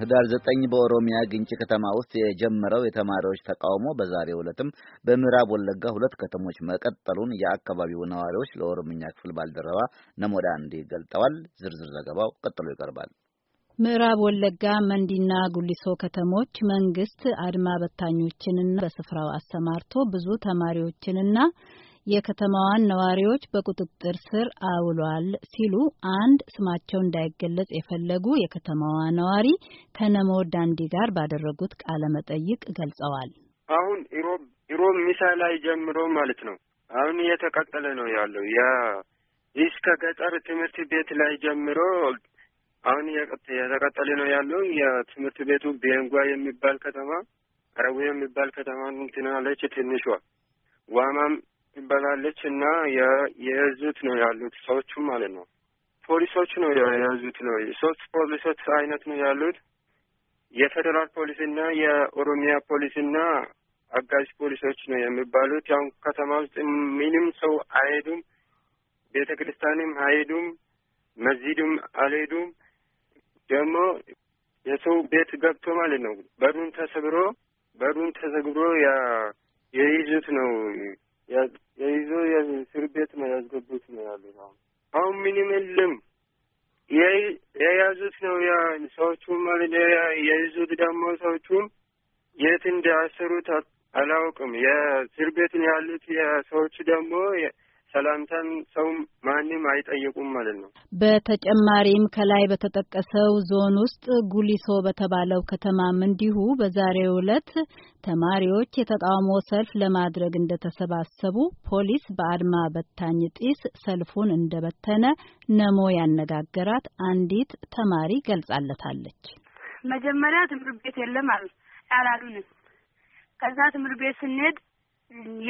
ህዳር ዘጠኝ በኦሮሚያ ግንጭ ከተማ ውስጥ የጀመረው የተማሪዎች ተቃውሞ በዛሬው ዕለትም በምዕራብ ወለጋ ሁለት ከተሞች መቀጠሉን የአካባቢው ነዋሪዎች ለኦሮምኛ ክፍል ባልደረባ ነሞዳ እንዲህ ገልጠዋል። ዝርዝር ዘገባው ቀጥሎ ይቀርባል። ምዕራብ ወለጋ መንዲና ጉሊሶ ከተሞች መንግስት አድማ በታኞችንና በስፍራው አሰማርቶ ብዙ ተማሪዎችንና የከተማዋን ነዋሪዎች በቁጥጥር ስር አውሏል ሲሉ አንድ ስማቸው እንዳይገለጽ የፈለጉ የከተማዋ ነዋሪ ከነሞ ዳንዲ ጋር ባደረጉት ቃለ መጠይቅ ገልጸዋል። አሁን ኢሮብ ኢሮብ ሚሳ ላይ ጀምሮ ማለት ነው አሁን እየተቀጠለ ነው ያለው ያ እስከ ገጠር ትምህርት ቤት ላይ ጀምሮ አሁን እየተቀጠለ ነው ያለው የትምህርት ቤቱ ቤንጓ የሚባል ከተማ አረቡ የሚባል ከተማ ትናለች ትንሿ ዋማም ትበላለች እና የያዙት ነው ያሉት ሰዎቹም ማለት ነው። ፖሊሶች ነው የያዙት ነው ሶስት ፖሊሶች አይነት ነው ያሉት የፌዴራል ፖሊስና የኦሮሚያ ፖሊስና አጋዥ ፖሊሶች ነው የሚባሉት። ያው ከተማ ውስጥ ምንም ሰው አይሄዱም፣ ቤተ ክርስቲያንም አይሄዱም፣ መዚድም አልሄዱም። ደግሞ የሰው ቤት ገብቶ ማለት ነው በሩን ተሰብሮ በሩን ተዘግብሮ የይዙት ነው የይዞ የእስር ቤት ነው ያስገቡት ነው ያሉት። አሁን አሁን ምንም የለም። የያዙት ነው ያ ሰዎቹም ማለት የይዙት ደግሞ ሰዎቹም የት እንዳያሰሩት አላውቅም። የእስር ቤትን ያሉት የሰዎቹ ደግሞ ሰላምተን ሰው ማንም አይጠየቁም ማለት ነው። በተጨማሪም ከላይ በተጠቀሰው ዞን ውስጥ ጉሊሶ በተባለው ከተማም እንዲሁ በዛሬው ዕለት ተማሪዎች የተቃውሞ ሰልፍ ለማድረግ እንደተሰባሰቡ ፖሊስ በአድማ በታኝ ጢስ ሰልፉን እንደበተነ ነሞ ያነጋገራት አንዲት ተማሪ ገልጻለታለች። መጀመሪያ ትምህርት ቤት የለም አሉ አላሉንም። ከዛ ትምህርት ቤት ስንሄድ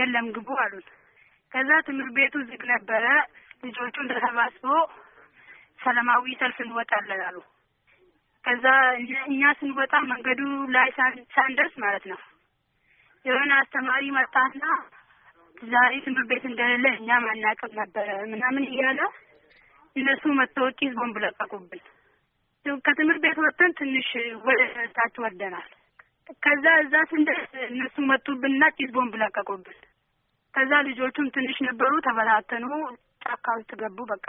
የለም ግቡ አሉን። ከዛ ትምህርት ቤቱ ዝግ ነበረ። ልጆቹን ተሰባስቦ ሰላማዊ ሰልፍ እንወጣለን አሉ። ከዛ እኛ ስንወጣ መንገዱ ላይ ሳንደርስ ማለት ነው የሆነ አስተማሪ መጣና ዛሬ ትምህርት ቤት እንደሌለ እኛ ማናቅም ነበረ ምናምን እያለ እነሱ መታወቂ ቦምብ ለቀቁብን። ከትምህርት ቤት ወጥተን ትንሽ ወደ ታች ወደናል። ከዛ እዛ ስንደርስ እነሱ መጡብንና ጭስ ቦምብ ለቀቁብን። ከዛ ልጆቹም ትንሽ ነበሩ፣ ተበታተኑ፣ ጫካ ውስጥ ገቡ። በቃ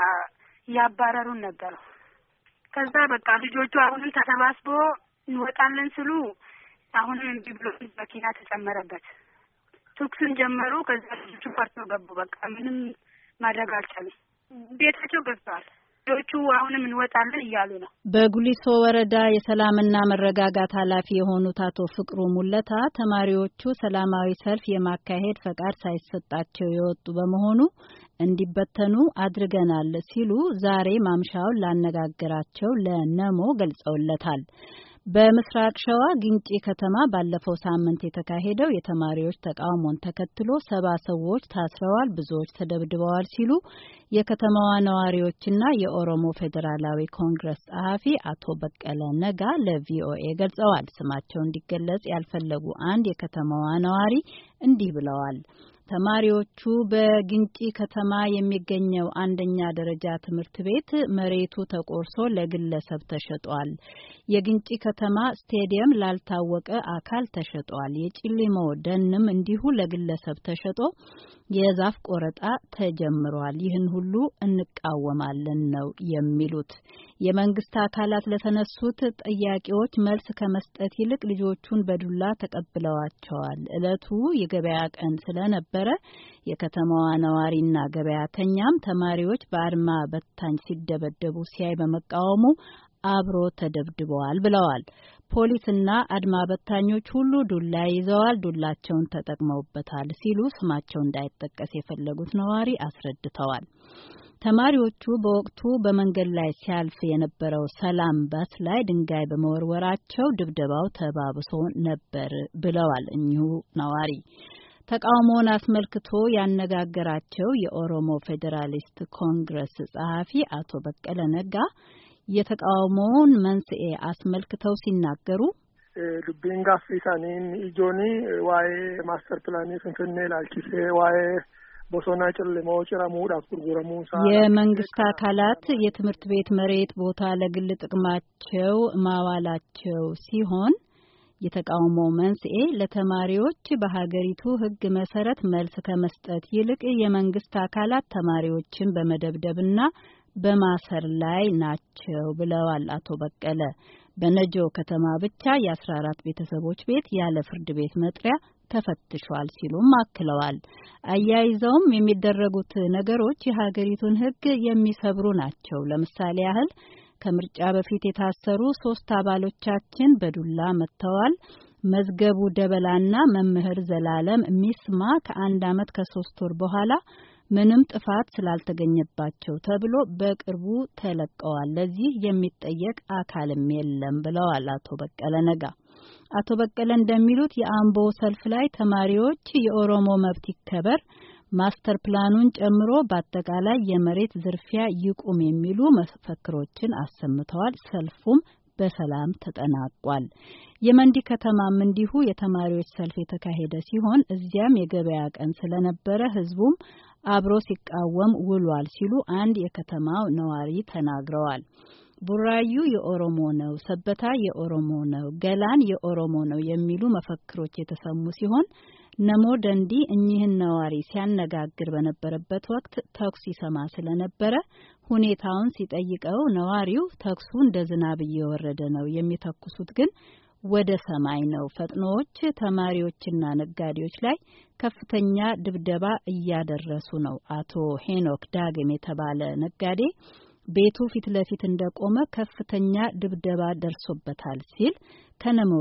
እያባረሩን ነበሩ። ከዛ በቃ ልጆቹ አሁንም ተሰባስቦ እንወጣለን ስሉ አሁንም እምቢ ብሎ መኪና ተጨመረበት። ተኩስም ጀመሩ። ከዛ ልጆቹ ፈርቶ ገቡ። በቃ ምንም ማድረግ አልቻሉም። ቤታቸው ገብተዋል። ሌሎቹ አሁንም እንወጣለን እያሉ ነው። በጉሊሶ ወረዳ የሰላምና መረጋጋት ኃላፊ የሆኑት አቶ ፍቅሩ ሙለታ ተማሪዎቹ ሰላማዊ ሰልፍ የማካሄድ ፈቃድ ሳይሰጣቸው የወጡ በመሆኑ እንዲበተኑ አድርገናል ሲሉ ዛሬ ማምሻውን ላነጋግራቸው ለነሞ ገልጸውለታል። በምስራቅ ሸዋ ግንጪ ከተማ ባለፈው ሳምንት የተካሄደው የተማሪዎች ተቃውሞን ተከትሎ ሰባ ሰዎች ታስረዋል፣ ብዙዎች ተደብድበዋል ሲሉ የከተማዋ ነዋሪዎችና የኦሮሞ ፌዴራላዊ ኮንግረስ ጸሐፊ አቶ በቀለ ነጋ ለቪኦኤ ገልጸዋል። ስማቸው እንዲገለጽ ያልፈለጉ አንድ የከተማዋ ነዋሪ እንዲህ ብለዋል። ተማሪዎቹ በግንጪ ከተማ የሚገኘው አንደኛ ደረጃ ትምህርት ቤት መሬቱ ተቆርሶ ለግለሰብ ተሸጧል። የግንጪ ከተማ ስቴዲየም ላልታወቀ አካል ተሸጧል። የጭሊሞ ደንም እንዲሁ ለግለሰብ ተሸጦ የዛፍ ቆረጣ ተጀምሯል። ይህን ሁሉ እንቃወማለን ነው የሚሉት። የመንግስት አካላት ለተነሱት ጥያቄዎች መልስ ከመስጠት ይልቅ ልጆቹን በዱላ ተቀብለዋቸዋል። ዕለቱ የገበያ ቀን ስለነበረ የከተማዋ ነዋሪና ገበያተኛም ተማሪዎች በአድማ በታኝ ሲደበደቡ ሲያይ በመቃወሙ አብሮ ተደብድበዋል ብለዋል። ፖሊስና አድማ በታኞች ሁሉ ዱላ ይዘዋል፣ ዱላቸውን ተጠቅመውበታል ሲሉ ስማቸው እንዳይጠቀስ የፈለጉት ነዋሪ አስረድተዋል። ተማሪዎቹ በወቅቱ በመንገድ ላይ ሲያልፍ የነበረው ሰላም ባስ ላይ ድንጋይ በመወርወራቸው ድብደባው ተባብሶ ነበር ብለዋል እኚሁ ነዋሪ። ተቃውሞውን አስመልክቶ ያነጋገራቸው የኦሮሞ ፌዴራሊስት ኮንግረስ ጸሐፊ አቶ በቀለ ነጋ የተቃውሞውን መንስኤ አስመልክተው ሲናገሩ ዱቢንጋ አፍሪካኒን ኢጆኒ ዋይ ማስተር ፕላኒ ፍንፍኔ ላልኪሴ ዋይ ቦሶና ጭልሞ ጭረሙዳፍ ጉርጉረሙ የመንግስት አካላት የትምህርት ቤት መሬት ቦታ ለግል ጥቅማቸው ማዋላቸው ሲሆን የተቃውሞ መንስኤ ለተማሪዎች በሀገሪቱ ሕግ መሰረት መልስ ከመስጠት ይልቅ የመንግስት አካላት ተማሪዎችን በመደብደብና በማሰር ላይ ናቸው ብለዋል አቶ በቀለ። በነጆ ከተማ ብቻ የ14 ቤተሰቦች ቤት ያለ ፍርድ ቤት መጥሪያ ተፈትሿል ሲሉም አክለዋል። አያይዘውም የሚደረጉት ነገሮች የሀገሪቱን ሕግ የሚሰብሩ ናቸው። ለምሳሌ ያህል ከምርጫ በፊት የታሰሩ ሶስት አባሎቻችን በዱላ መጥተዋል። መዝገቡ ደበላና መምህር ዘላለም ሚስማ ከአንድ አመት ከሶስት ወር በኋላ ምንም ጥፋት ስላልተገኘባቸው ተብሎ በቅርቡ ተለቀዋል። ለዚህ የሚጠየቅ አካልም የለም ብለዋል አቶ በቀለ ነጋ። አቶ በቀለ እንደሚሉት የአምቦ ሰልፍ ላይ ተማሪዎች የኦሮሞ መብት ይከበር፣ ማስተር ፕላኑን ጨምሮ በአጠቃላይ የመሬት ዝርፊያ ይቁም የሚሉ መፈክሮችን አሰምተዋል። ሰልፉም በሰላም ተጠናቋል። የመንዲ ከተማም እንዲሁ የተማሪዎች ሰልፍ የተካሄደ ሲሆን እዚያም የገበያ ቀን ስለነበረ ህዝቡም አብሮ ሲቃወም ውሏል ሲሉ አንድ የከተማው ነዋሪ ተናግረዋል። ቡራዩ የኦሮሞ ነው፣ ሰበታ የኦሮሞ ነው፣ ገላን የኦሮሞ ነው የሚሉ መፈክሮች የተሰሙ ሲሆን ነሞ ደንዲ እኚህን ነዋሪ ሲያነጋግር በነበረበት ወቅት ተኩስ ይሰማ ስለነበረ ሁኔታውን ሲጠይቀው ነዋሪው ተኩሱ እንደ ዝናብ እየወረደ ነው፣ የሚተኩሱት ግን ወደ ሰማይ ነው። ፈጥኖዎች ተማሪዎችና ነጋዴዎች ላይ ከፍተኛ ድብደባ እያደረሱ ነው። አቶ ሄኖክ ዳግም የተባለ ነጋዴ ቤቱ ፊት ለፊት እንደቆመ ከፍተኛ ድብደባ ደርሶበታል ሲል ከነሞ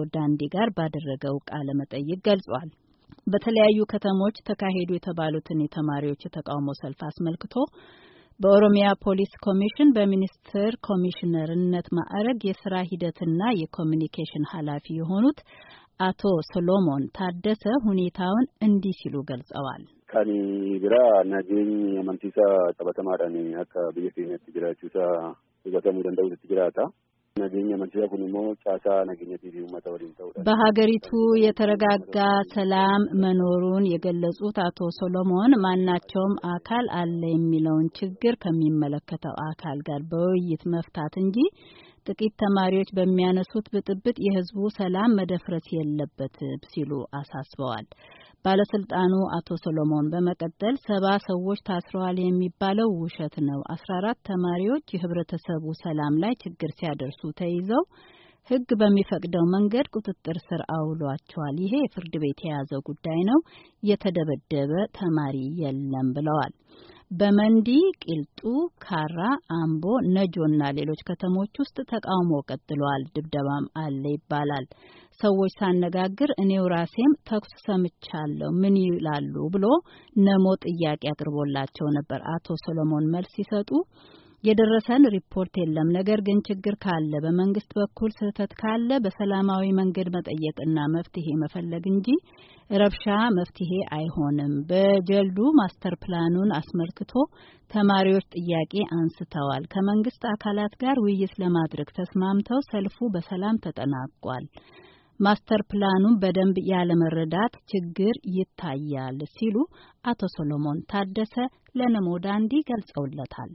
ጋር ባደረገው ቃለ መጠይቅ ገልጿል። በተለያዩ ከተሞች ተካሄዱ የተባሉትን የተማሪዎች የተቃውሞ ሰልፍ አስመልክቶ በኦሮሚያ ፖሊስ ኮሚሽን በሚኒስትር ኮሚሽነርነት ማዕረግ የስራ ሂደትና የኮሚኒኬሽን ኃላፊ የሆኑት አቶ ሶሎሞን ታደሰ ሁኔታውን እንዲህ ሲሉ ገልጸዋል። ከኒ ቢራ ናጌኝ የመንቲሳ ጠበተማዳኒ አካ ብየቴነት ጅራቹሳ ሁበተሙ ደንደውት ጅራታ nageenya manchiyaa kun immoo caasaa nageenyatii fi uummata ተው በሀገሪቱ የተረጋጋ ሰላም መኖሩን የገለጹት አቶ ሶሎሞን ማናቸውም አካል አለ የሚለውን ችግር ከሚመለከተው አካል ጋር በውይይት መፍታት እንጂ ጥቂት ተማሪዎች በሚያነሱት ብጥብጥ የህዝቡ ሰላም መደፍረስ የለበትም ሲሉ አሳስበዋል። ባለስልጣኑ አቶ ሰሎሞን በመቀጠል ሰባ ሰዎች ታስረዋል የሚባለው ውሸት ነው። አስራ አራት ተማሪዎች የህብረተሰቡ ሰላም ላይ ችግር ሲያደርሱ ተይዘው ህግ በሚፈቅደው መንገድ ቁጥጥር ስር አውሏቸዋል። ይሄ ፍርድ ቤት የያዘው ጉዳይ ነው። የተደበደበ ተማሪ የለም ብለዋል። በመንዲ፣ ቂልጡ፣ ካራ፣ አምቦ፣ ነጆና ሌሎች ከተሞች ውስጥ ተቃውሞ ቀጥሏል። ድብደባም አለ ይባላል። ሰዎች ሳነጋግር እኔው ራሴም ተኩስ ሰምቻለሁ ምን ይላሉ ብሎ ነሞ ጥያቄ አቅርቦላቸው ነበር። አቶ ሰሎሞን መልስ ሲሰጡ የደረሰን ሪፖርት የለም፣ ነገር ግን ችግር ካለ በመንግስት በኩል ስህተት ካለ በሰላማዊ መንገድ መጠየቅና መፍትሄ መፈለግ እንጂ ረብሻ መፍትሄ አይሆንም። በጀልዱ ማስተር ፕላኑን አስመልክቶ ተማሪዎች ጥያቄ አንስተዋል። ከመንግስት አካላት ጋር ውይይት ለማድረግ ተስማምተው ሰልፉ በሰላም ተጠናቋል። ማስተር ፕላኑን በደንብ ያለመረዳት ችግር ይታያል ሲሉ አቶ ሶሎሞን ታደሰ ለነሞዳንዲ ገልጸውለታል።